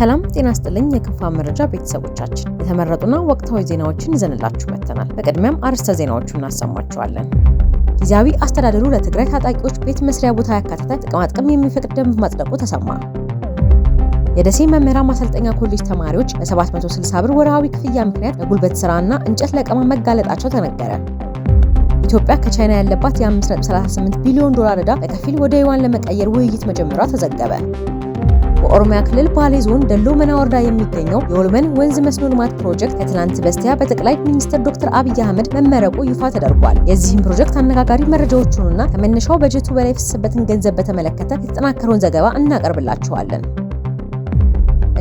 ሰላም ጤና ስጥልኝ። የክንፋን መረጃ ቤተሰቦቻችን የተመረጡና ወቅታዊ ዜናዎችን ይዘንላችሁ መጥተናል። በቅድሚያም አርዕስተ ዜናዎቹ እናሰማችኋለን። ጊዜያዊ አስተዳደሩ ለትግራይ ታጣቂዎች ቤት መስሪያ ቦታ ያካተተ ጥቅማጥቅም የሚፈቅድ ደንብ ማጽደቁ ተሰማ። የደሴ መምህራን ማሰልጠኛ ኮሌጅ ተማሪዎች በ760 ብር ወርሃዊ ክፍያ ምክንያት ለጉልበት ስራና እንጨት ለቀማ መጋለጣቸው ተነገረ። ኢትዮጵያ ከቻይና ያለባት የ5.38 ቢሊዮን ዶላር ዕዳ በከፊል ወደ ዩዋን ለመቀየር ውይይት መጀመሯ ተዘገበ። በኦሮሚያ ክልል ባሌ ዞን ደሎ ወረዳ የሚገኘው የኦልመን ወንዝ መስኖ ልማት ፕሮጀክት ከትላንት በስቲያ በጠቅላይ ሚኒስትር ዶክተር አብይ አህመድ መመረቁ ይፋ ተደርጓል። የዚህም ፕሮጀክት አነጋጋሪ መረጃዎቹንና ከመነሻው በጀቱ በላይ የፈሰሰበትን ገንዘብ በተመለከተ የተጠናከረውን ዘገባ እናቀርብላችኋለን።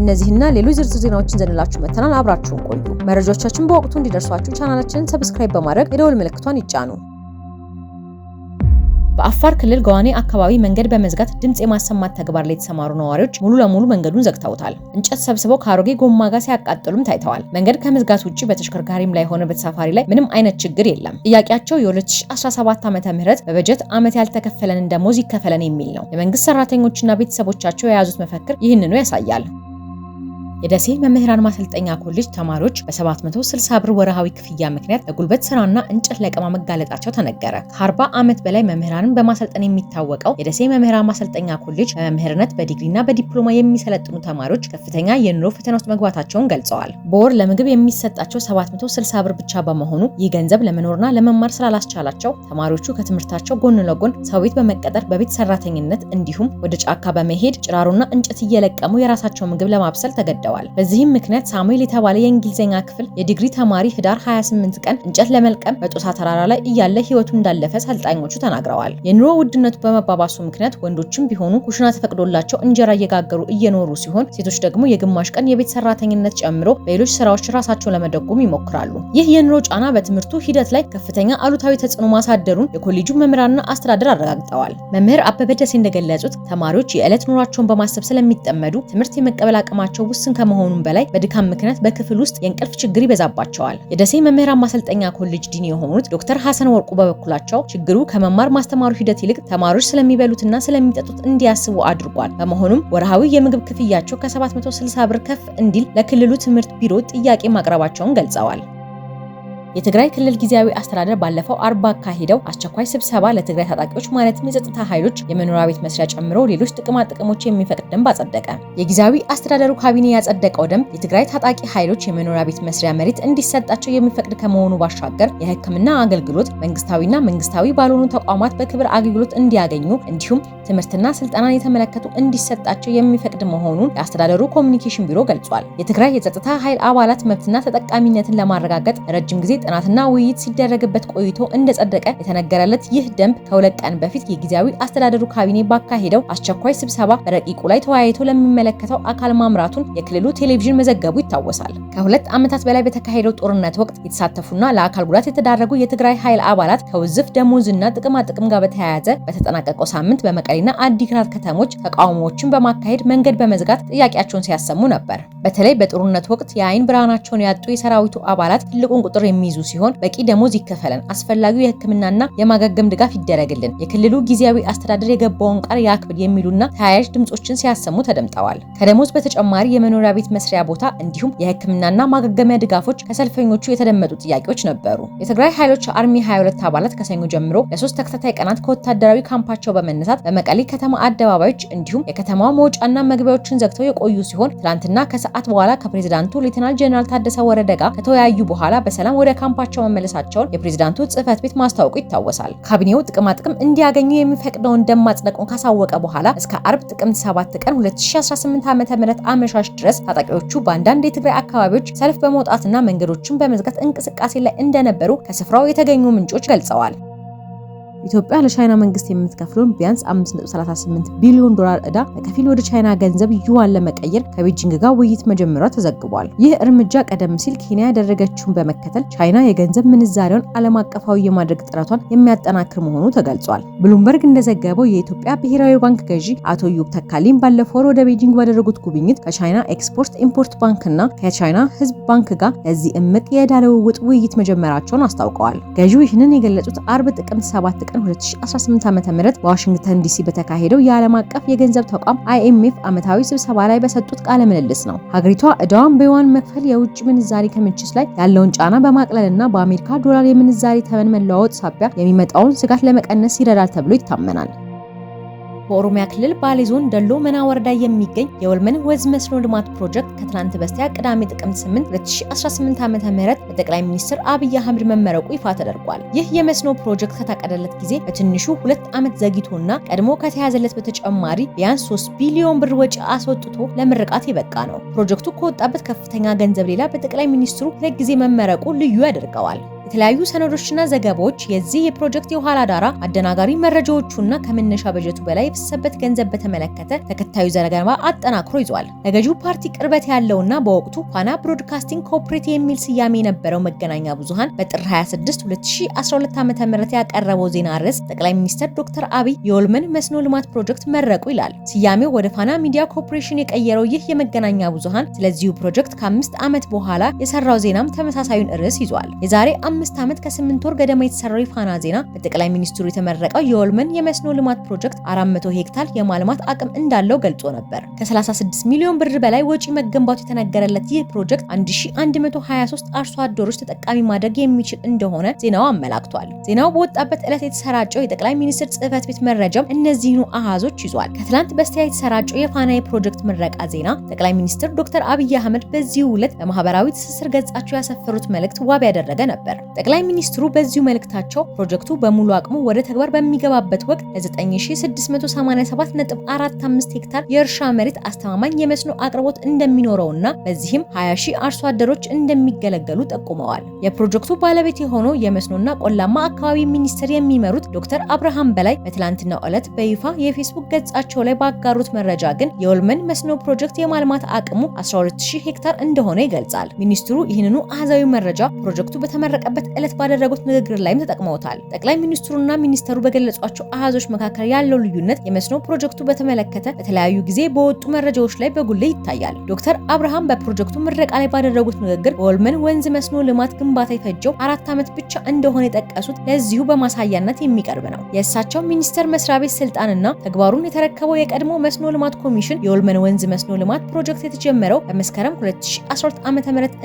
እነዚህና ሌሎች ዝርዝር ዜናዎችን ዘንላችሁ መተናል። አብራችሁን ቆዩ። መረጃዎቻችን በወቅቱ እንዲደርሷችሁ ቻናላችንን ሰብስክራይብ በማድረግ የደወል ምልክቷን ይጫኑ። በአፋር ክልል ገዋኔ አካባቢ መንገድ በመዝጋት ድምፅ የማሰማት ተግባር ላይ የተሰማሩ ነዋሪዎች ሙሉ ለሙሉ መንገዱን ዘግተውታል። እንጨት ሰብስበው ከአሮጌ ጎማ ጋር ሲያቃጥሉም ታይተዋል። መንገድ ከመዝጋት ውጭ በተሽከርካሪም ላይ ሆነ በተሳፋሪ ላይ ምንም አይነት ችግር የለም። ጥያቄያቸው የ2017 ዓ ም በበጀት ዓመት ያልተከፈለን እንደሞዝ ይከፈለን የሚል ነው። የመንግስት ሰራተኞችና ቤተሰቦቻቸው የያዙት መፈክር ይህንኑ ያሳያል። የደሴ መምህራን ማሰልጠኛ ኮሌጅ ተማሪዎች በ760 ብር ወረሃዊ ክፍያ ምክንያት ለጉልበት ስራና እንጨት ለቀማ መጋለጣቸው ተነገረ። ከ40 ዓመት በላይ መምህራንን በማሰልጠን የሚታወቀው የደሴ መምህራን ማሰልጠኛ ኮሌጅ በመምህርነት በዲግሪና በዲፕሎማ የሚሰለጥኑ ተማሪዎች ከፍተኛ የኑሮ ፈተና ውስጥ መግባታቸውን ገልጸዋል። በወር ለምግብ የሚሰጣቸው 760 ብር ብቻ በመሆኑ ይህ ገንዘብ ለመኖርና ለመማር ስላላስቻላቸው ተማሪዎቹ ከትምህርታቸው ጎን ለጎን ሰው ቤት በመቀጠር በቤት ሰራተኝነት እንዲሁም ወደ ጫካ በመሄድ ጭራሮና እንጨት እየለቀሙ የራሳቸው ምግብ ለማብሰል ተገደዋል። ወስደዋል። በዚህም ምክንያት ሳሙኤል የተባለ የእንግሊዝኛ ክፍል የዲግሪ ተማሪ ህዳር 28 ቀን እንጨት ለመልቀም በጦሳ ተራራ ላይ እያለ ህይወቱ እንዳለፈ ሰልጣኞቹ ተናግረዋል። የኑሮ ውድነቱ በመባባሱ ምክንያት ወንዶችም ቢሆኑ ኩሽና ተፈቅዶላቸው እንጀራ እየጋገሩ እየኖሩ ሲሆን፣ ሴቶች ደግሞ የግማሽ ቀን የቤት ሰራተኝነት ጨምሮ በሌሎች ስራዎች ራሳቸው ለመደጎም ይሞክራሉ። ይህ የኑሮ ጫና በትምህርቱ ሂደት ላይ ከፍተኛ አሉታዊ ተጽዕኖ ማሳደሩን የኮሌጁ መምህራንና አስተዳደር አረጋግጠዋል። መምህር አበበ ደሴ እንደገለጹት ተማሪዎች የዕለት ኑሯቸውን በማሰብ ስለሚጠመዱ ትምህርት የመቀበል አቅማቸው ውስን ከመሆኑም በላይ በድካም ምክንያት በክፍል ውስጥ የእንቅልፍ ችግር ይበዛባቸዋል። የደሴ መምህራን ማሰልጠኛ ኮሌጅ ዲን የሆኑት ዶክተር ሀሰን ወርቁ በበኩላቸው ችግሩ ከመማር ማስተማሩ ሂደት ይልቅ ተማሪዎች ስለሚበሉትና ስለሚጠጡት እንዲያስቡ አድርጓል። በመሆኑም ወርሃዊ የምግብ ክፍያቸው ከ760 ብር ከፍ እንዲል ለክልሉ ትምህርት ቢሮ ጥያቄ ማቅረባቸውን ገልጸዋል። የትግራይ ክልል ጊዜያዊ አስተዳደር ባለፈው አርባ አካሂደው አስቸኳይ ስብሰባ ለትግራይ ታጣቂዎች ማለትም የጸጥታ ኃይሎች የመኖሪያ ቤት መስሪያ ጨምሮ ሌሎች ጥቅማ ጥቅሞች የሚፈቅድ ደንብ አጸደቀ። የጊዜያዊ አስተዳደሩ ካቢኔ ያጸደቀው ደንብ የትግራይ ታጣቂ ኃይሎች የመኖሪያ ቤት መስሪያ መሬት እንዲሰጣቸው የሚፈቅድ ከመሆኑ ባሻገር የሕክምና አገልግሎት መንግስታዊና መንግስታዊ ባልሆኑ ተቋማት በክብር አገልግሎት እንዲያገኙ እንዲሁም ትምህርትና ስልጠናን የተመለከቱ እንዲሰጣቸው የሚፈቅድ መሆኑን የአስተዳደሩ ኮሚኒኬሽን ቢሮ ገልጿል። የትግራይ የጸጥታ ኃይል አባላት መብትና ተጠቃሚነትን ለማረጋገጥ ረጅም ጊዜ ጥናትና ውይይት ሲደረግበት ቆይቶ እንደጸደቀ የተነገረለት ይህ ደንብ ከሁለት ቀን በፊት የጊዜያዊ አስተዳደሩ ካቢኔ ባካሄደው አስቸኳይ ስብሰባ በረቂቁ ላይ ተወያይቶ ለሚመለከተው አካል ማምራቱን የክልሉ ቴሌቪዥን መዘገቡ ይታወሳል። ከሁለት ዓመታት በላይ በተካሄደው ጦርነት ወቅት የተሳተፉና ለአካል ጉዳት የተዳረጉ የትግራይ ኃይል አባላት ከውዝፍ ደሞዝና ጥቅማጥቅም ጋር በተያያዘ በተጠናቀቀው ሳምንት በመቀሌና አዲግራት ከተሞች ተቃውሞዎችን በማካሄድ መንገድ በመዝጋት ጥያቄያቸውን ሲያሰሙ ነበር። በተለይ በጦርነት ወቅት የአይን ብርሃናቸውን ያጡ የሰራዊቱ አባላት ትልቁን ቁጥር የሚ የሚይዙ ሲሆን በቂ ደሞዝ ይከፈለን፣ አስፈላጊው የሕክምናና የማገገም ድጋፍ ይደረግልን፣ የክልሉ ጊዜያዊ አስተዳደር የገባውን ቃል ያክብል የሚሉና ተያያዥ ድምጾችን ሲያሰሙ ተደምጠዋል። ከደሞዝ በተጨማሪ የመኖሪያ ቤት መስሪያ ቦታ እንዲሁም የህክምናና ማገገሚያ ድጋፎች ከሰልፈኞቹ የተደመጡ ጥያቄዎች ነበሩ። የትግራይ ኃይሎች አርሚ 22 አባላት ከሰኞ ጀምሮ ለሶስት ተከታታይ ቀናት ከወታደራዊ ካምፓቸው በመነሳት በመቀሌ ከተማ አደባባዮች እንዲሁም የከተማዋ መውጫና መግቢያዎችን ዘግተው የቆዩ ሲሆን ትናንትና ከሰዓት በኋላ ከፕሬዚዳንቱ ሌተናል ጀኔራል ታደሰ ወረደ ጋር ከተወያዩ በኋላ በሰላም ወደ ካምፓቸው መመለሳቸውን የፕሬዝዳንቱ ጽህፈት ቤት ማስታወቁ ይታወሳል። ካቢኔው ጥቅማጥቅም እንዲያገኙ የሚፈቅደውን ደንብ ማጽደቁን ካሳወቀ በኋላ እስከ አርብ ጥቅምት 7 ቀን 2018 ዓ.ም አመሻሽ ድረስ ታጣቂዎቹ በአንዳንድ የትግራይ አካባቢዎች ሰልፍ በመውጣትና መንገዶችን በመዝጋት እንቅስቃሴ ላይ እንደነበሩ ከስፍራው የተገኙ ምንጮች ገልጸዋል። ኢትዮጵያ ለቻይና መንግስት የምትከፍለውን ቢያንስ 5.38 ቢሊዮን ዶላር ዕዳ በከፊል ወደ ቻይና ገንዘብ ዩዋን ለመቀየር ከቤጂንግ ጋር ውይይት መጀመሯ ተዘግቧል። ይህ እርምጃ ቀደም ሲል ኬንያ ያደረገችውን በመከተል ቻይና የገንዘብ ምንዛሪውን ዓለም አቀፋዊ የማድረግ ጥረቷን የሚያጠናክር መሆኑ ተገልጿል። ብሉምበርግ እንደዘገበው የኢትዮጵያ ብሔራዊ ባንክ ገዢ አቶ ዩብ ተካሊም ባለፈው ወር ወደ ቤጂንግ ባደረጉት ጉብኝት ከቻይና ኤክስፖርት ኢምፖርት ባንክና ከቻይና ህዝብ ባንክ ጋር ለዚህ እምቅ የዕዳ ልውውጥ ውይይት መጀመራቸውን አስታውቀዋል። ገዢው ይህንን የገለጹት አርብ ጥቅምት 7 ቀን 2018 ዓ.ም በዋሽንግተን ዲሲ በተካሄደው የዓለም አቀፍ የገንዘብ ተቋም አይኤምኤፍ ዓመታዊ ስብሰባ ላይ በሰጡት ቃለ ምልልስ ነው። ሀገሪቷ እዳዋን በዋን መክፈል የውጭ ምንዛሪ ክምችት ላይ ያለውን ጫና በማቅለልና በአሜሪካ ዶላር የምንዛሪ ተመን መለዋወጥ ሳቢያ የሚመጣውን ስጋት ለመቀነስ ይረዳል ተብሎ ይታመናል። በኦሮሚያ ክልል ባሌ ዞን ደሎ መና ወረዳ የሚገኝ የወልመን ወዝ መስኖ ልማት ፕሮጀክት ከትናንት በስቲያ ቅዳሜ ጥቅምት 8 2018 ም በጠቅላይ ሚኒስትር አብይ አህመድ መመረቁ ይፋ ተደርጓል። ይህ የመስኖ ፕሮጀክት ከታቀደለት ጊዜ በትንሹ ሁለት ዓመት ዘግይቶና ቀድሞ ከተያዘለት በተጨማሪ ቢያንስ 3 ቢሊዮን ብር ወጪ አስወጥቶ ለምርቃት የበቃ ነው። ፕሮጀክቱ ከወጣበት ከፍተኛ ገንዘብ ሌላ በጠቅላይ ሚኒስትሩ ለጊዜ መመረቁ ልዩ ያደርገዋል። የተለያዩ ሰነዶችና ዘገባዎች የዚህ የፕሮጀክት የኋላ ዳራ አደናጋሪ መረጃዎቹና ከመነሻ በጀቱ በላይ የፈሰሰበት ገንዘብ በተመለከተ ተከታዩ ዘገባ አጠናክሮ ይዟል። ለገዢው ፓርቲ ቅርበት ያለውና በወቅቱ ፋና ብሮድካስቲንግ ኮርፖሬት የሚል ስያሜ የነበረው መገናኛ ብዙሃን በጥር 26 2012 ዓ.ም ያቀረበው ዜና ርዕስ ጠቅላይ ሚኒስትር ዶክተር አብይ የወልመን መስኖ ልማት ፕሮጀክት መረቁ ይላል። ስያሜው ወደ ፋና ሚዲያ ኮርፖሬሽን የቀየረው ይህ የመገናኛ ብዙሃን ስለዚሁ ፕሮጀክት ከአምስት ዓመት በኋላ የሰራው ዜናም ተመሳሳዩን ርዕስ ይዟል። የዛሬ አምስት ዓመት ከስምንት ወር ገደማ የተሰራው የፋና ዜና በጠቅላይ ሚኒስትሩ የተመረቀው የኦልመን የመስኖ ልማት ፕሮጀክት 400 ሄክታር የማልማት አቅም እንዳለው ገልጾ ነበር። ከ36 ሚሊዮን ብር በላይ ወጪ መገንባቱ የተነገረለት ይህ ፕሮጀክት 1123 አርሶ አደሮች ተጠቃሚ ማድረግ የሚችል እንደሆነ ዜናው አመላክቷል። ዜናው በወጣበት ዕለት የተሰራጨው የጠቅላይ ሚኒስትር ጽህፈት ቤት መረጃም እነዚህኑ አሃዞች ይዟል። ከትላንት በስቲያ የተሰራጨው የፋና የፕሮጀክት ምረቃ ዜና ጠቅላይ ሚኒስትር ዶክተር አብይ አህመድ በዚሁ ዕለት በማህበራዊ ትስስር ገጻቸው ያሰፈሩት መልእክት ዋቢ ያደረገ ነበር። ጠቅላይ ሚኒስትሩ በዚሁ መልእክታቸው ፕሮጀክቱ በሙሉ አቅሙ ወደ ተግባር በሚገባበት ወቅት ለ9687.45 ሄክታር የእርሻ መሬት አስተማማኝ የመስኖ አቅርቦት እንደሚኖረውና በዚህም 20 ሺህ አርሶ አደሮች እንደሚገለገሉ ጠቁመዋል። የፕሮጀክቱ ባለቤት የሆነው የመስኖና ቆላማ አካባቢ ሚኒስቴር የሚመሩት ዶክተር አብርሃም በላይ በትላንትናው ዕለት በይፋ የፌስቡክ ገጻቸው ላይ ባጋሩት መረጃ ግን የወልመን መስኖ ፕሮጀክት የማልማት አቅሙ 120 ሄክታር እንደሆነ ይገልጻል። ሚኒስትሩ ይህንኑ አህዛዊ መረጃ ፕሮጀክቱ በተመረቀበት በተነሱበት ዕለት ባደረጉት ንግግር ላይም ተጠቅመውታል። ጠቅላይ ሚኒስትሩና ሚኒስተሩ በገለጿቸው አሃዞች መካከል ያለው ልዩነት የመስኖ ፕሮጀክቱ በተመለከተ በተለያዩ ጊዜ በወጡ መረጃዎች ላይ በጉልህ ይታያል። ዶክተር አብርሃም በፕሮጀክቱ ምረቃ ላይ ባደረጉት ንግግር በወልመን ወንዝ መስኖ ልማት ግንባታ የፈጀው አራት ዓመት ብቻ እንደሆነ የጠቀሱት ለዚሁ በማሳያነት የሚቀርብ ነው። የእሳቸው ሚኒስቴር መስሪያ ቤት ስልጣንና ተግባሩን የተረከበው የቀድሞ መስኖ ልማት ኮሚሽን የወልመን ወንዝ መስኖ ልማት ፕሮጀክት የተጀመረው በመስከረም ዓ ዓ.ም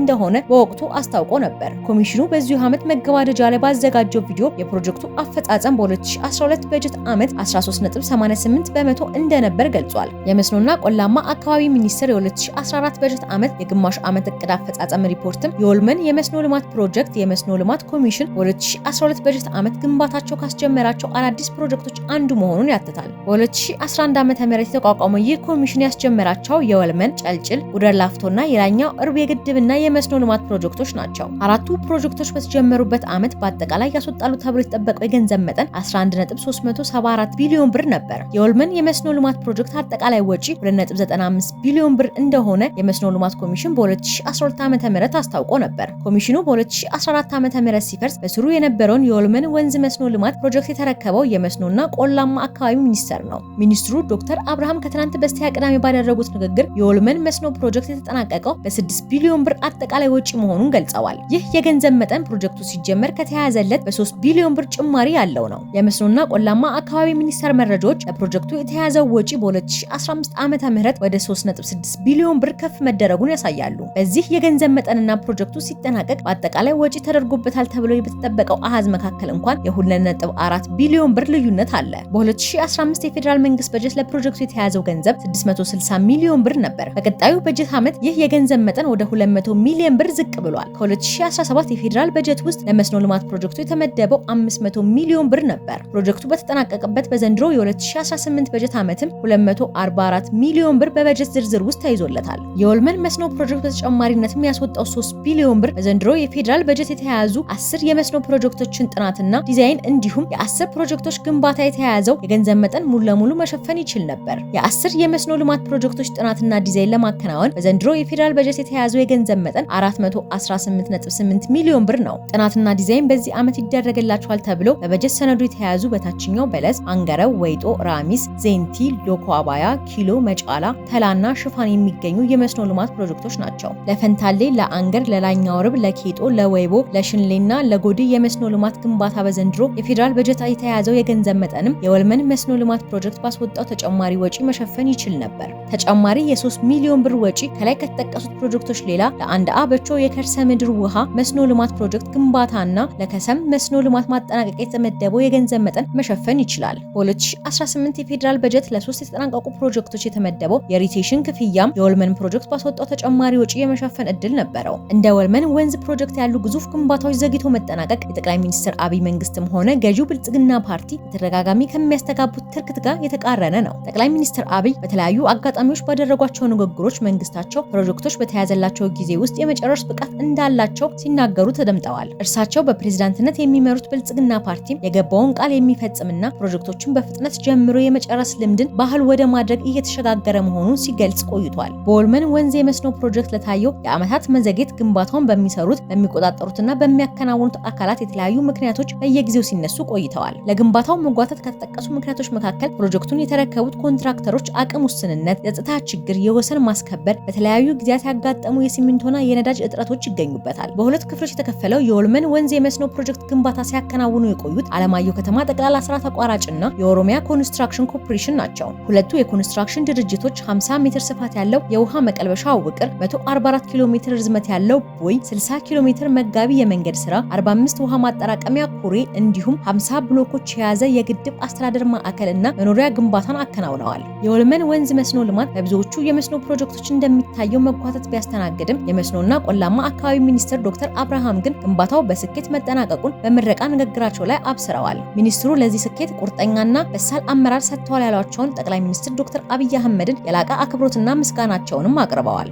እንደሆነ በወቅቱ አስታውቆ ነበር። ኮሚሽኑ በዚሁ በዚህ ዓመት መገባደጃ ላይ ባዘጋጀው ቪዲዮ የፕሮጀክቱ አፈጻጸም በ2012 በጀት ዓመት 13.88 በመቶ እንደነበር ገልጿል። የመስኖና ቆላማ አካባቢ ሚኒስቴር የ2014 በጀት ዓመት የግማሽ ዓመት እቅድ አፈጻጸም ሪፖርትም የወልመን የመስኖ ልማት ፕሮጀክት የመስኖ ልማት ኮሚሽን በ2012 በጀት ዓመት ግንባታቸው ካስጀመራቸው አዳዲስ ፕሮጀክቶች አንዱ መሆኑን ያትታል። በ2011 ም የተቋቋመው ይህ ኮሚሽን ያስጀመራቸው የወልመን ጨልጭል፣ ጉደር ላፍቶና የላይኛው እርብ የግድብና የመስኖ ልማት ፕሮጀክቶች ናቸው። አራቱ ፕሮጀክቶች ባስጀመሩበት ዓመት በአጠቃላይ ያስወጣሉ ተብሎ የተጠበቀው የገንዘብ መጠን 11374 ቢሊዮን ብር ነበር። የወልመን የመስኖ ልማት ፕሮጀክት አጠቃላይ ወጪ 295 ቢሊዮን ብር እንደሆነ የመስኖ ልማት ኮሚሽን በ2012 ዓ ም አስታውቆ ነበር። ኮሚሽኑ በ2014 ዓ ም ሲፈርስ በስሩ የነበረውን የኦልመን ወንዝ መስኖ ልማት ፕሮጀክት የተረከበው የመስኖና ቆላማ አካባቢ ሚኒስቴር ነው። ሚኒስትሩ ዶክተር አብርሃም ከትናንት በስቲያ ቅዳሜ ባደረጉት ንግግር የኦልመን መስኖ ፕሮጀክት የተጠናቀቀው በ6 ቢሊዮን ብር አጠቃላይ ወጪ መሆኑን ገልጸዋል። ይህ የገንዘብ መጠን ፕሮጀክቱ ሲጀመር ከተያያዘለት በ3 ቢሊዮን ብር ጭማሪ ያለው ነው። የመስኖና ቆላማ አካባቢ ሚኒስቴር መረጃዎች ለፕሮጀክቱ የተያዘው ወጪ በ2015 ዓ ም ወደ 36 ቢሊዮን ብር ከፍ መደረጉን ያሳያሉ። በዚህ የገንዘብ መጠንና ፕሮጀክቱ ሲጠናቀቅ በአጠቃላይ ወጪ ተደርጎበታል ተብሎ በተጠበቀው አሃዝ መካከል እንኳን የ2.4 ቢሊዮን ብር ልዩነት አለ። በ2015 የፌዴራል መንግስት በጀት ለፕሮጀክቱ የተያዘው ገንዘብ 660 ሚሊዮን ብር ነበር። በቀጣዩ በጀት ዓመት ይህ የገንዘብ መጠን ወደ 200 ሚሊዮን ብር ዝቅ ብሏል። ከ2017 የፌዴራል በጀት በጀት ውስጥ ለመስኖ ልማት ፕሮጀክቱ የተመደበው 500 ሚሊዮን ብር ነበር። ፕሮጀክቱ በተጠናቀቀበት በዘንድሮ የ2018 በጀት ዓመትም 244 ሚሊዮን ብር በበጀት ዝርዝር ውስጥ ተይዞለታል። የወልመን መስኖ ፕሮጀክት በተጨማሪነትም ያስወጣው 3 ቢሊዮን ብር በዘንድሮ የፌዴራል በጀት የተያያዙ 10 የመስኖ ፕሮጀክቶችን ጥናትና ዲዛይን እንዲሁም የ10 ፕሮጀክቶች ግንባታ የተያያዘው የገንዘብ መጠን ሙሉ ለሙሉ መሸፈን ይችል ነበር። የ10 የመስኖ ልማት ፕሮጀክቶች ጥናትና ዲዛይን ለማከናወን በዘንድሮ የፌዴራል በጀት የተያያዘው የገንዘብ መጠን 418.8 ሚሊዮን ብር ነው። ጥናትና ዲዛይን በዚህ ዓመት ይደረግላቸዋል ተብሎ በበጀት ሰነዱ የተያያዙ በታችኛው በለስ፣ አንገረብ፣ ወይጦ፣ ራሚስ፣ ዜንቲ፣ ሎኮ አባያ፣ ኪሎ፣ መጫላ፣ ተላና ሽፋን የሚገኙ የመስኖ ልማት ፕሮጀክቶች ናቸው። ለፈንታሌ፣ ለአንገር፣ ለላይኛው ርብ፣ ለኬጦ፣ ለወይቦ፣ ለሽንሌና ለጎዲ የመስኖ ልማት ግንባታ በዘንድሮ የፌዴራል በጀት የተያዘው የገንዘብ መጠንም የወልመን መስኖ ልማት ፕሮጀክት ባስወጣው ተጨማሪ ወጪ መሸፈን ይችል ነበር። ተጨማሪ የ3 ሚሊዮን ብር ወጪ ከላይ ከተጠቀሱት ፕሮጀክቶች ሌላ ለአንድ አበቾ የከርሰ ምድር ውሃ መስኖ ልማት ፕሮጀክት ግንባታና ለከሰም መስኖ ልማት ማጠናቀቅ የተመደበው የገንዘብ መጠን መሸፈን ይችላል። በ2018 የፌዴራል በጀት ለሶስት የተጠናቀቁ ፕሮጀክቶች የተመደበው የሪቴሽን ክፍያም የወልመን ፕሮጀክት ባስወጣው ተጨማሪ ወጪ የመሸፈን እድል ነበረው። እንደ ወልመን ወንዝ ፕሮጀክት ያሉ ግዙፍ ግንባታዎች ዘግይቶ መጠናቀቅ የጠቅላይ ሚኒስትር አብይ መንግስትም ሆነ ገዢው ብልጽግና ፓርቲ በተደጋጋሚ ከሚያስተጋቡት ትርክት ጋር የተቃረነ ነው። ጠቅላይ ሚኒስትር አብይ በተለያዩ አጋጣሚዎች ባደረጓቸው ንግግሮች መንግስታቸው ፕሮጀክቶች በተያዘላቸው ጊዜ ውስጥ የመጨረስ ብቃት እንዳላቸው ሲናገሩ ተደምጠዋል። ብለዋል። እርሳቸው በፕሬዝዳንትነት የሚመሩት ብልጽግና ፓርቲም የገባውን ቃል የሚፈጽምና ፕሮጀክቶችን በፍጥነት ጀምሮ የመጨረስ ልምድን ባህል ወደ ማድረግ እየተሸጋገረ መሆኑን ሲገልጽ ቆይቷል። በወልመን ወንዝ የመስኖ ፕሮጀክት ለታየው የዓመታት መዘግየት ግንባታውን በሚሰሩት በሚቆጣጠሩትና በሚያከናውኑት አካላት የተለያዩ ምክንያቶች በየጊዜው ሲነሱ ቆይተዋል። ለግንባታው መጓተት ከተጠቀሱ ምክንያቶች መካከል ፕሮጀክቱን የተረከቡት ኮንትራክተሮች አቅም ውስንነት፣ የጸጥታ ችግር፣ የወሰን ማስከበር፣ በተለያዩ ጊዜያት ያጋጠሙ የሲሚንቶና የነዳጅ እጥረቶች ይገኙበታል። በሁለት ክፍሎች የተከፈለው በሚባለው የኦልመን ወንዝ የመስኖ ፕሮጀክት ግንባታ ሲያከናውኑ የቆዩት አለማየሁ ከተማ ጠቅላላ ስራ ተቋራጭና የኦሮሚያ ኮንስትራክሽን ኮርፖሬሽን ናቸው። ሁለቱ የኮንስትራክሽን ድርጅቶች 50 ሜትር ስፋት ያለው የውሃ መቀልበሻ ውቅር፣ 144 ኪሎ ሜትር ርዝመት ያለው ቦይ፣ 60 ኪሎ ሜትር መጋቢ የመንገድ ስራ፣ 45 ውሃ ማጠራቀሚያ ኩሬ እንዲሁም 50 ብሎኮች የያዘ የግድብ አስተዳደር ማዕከል እና መኖሪያ ግንባታን አከናውነዋል። የኦልመን ወንዝ መስኖ ልማት በብዙዎቹ የመስኖ ፕሮጀክቶች እንደሚታየው መጓተት ቢያስተናግድም የመስኖና ቆላማ አካባቢ ሚኒስትር ዶክተር አብርሃም ግን ግንባታው በስኬት መጠናቀቁን በምረቃ ንግግራቸው ላይ አብስረዋል። ሚኒስትሩ ለዚህ ስኬት ቁርጠኛና በሳል አመራር ሰጥተዋል ያሏቸውን ጠቅላይ ሚኒስትር ዶክተር አብይ አህመድን የላቀ አክብሮትና ምስጋናቸውንም አቅርበዋል።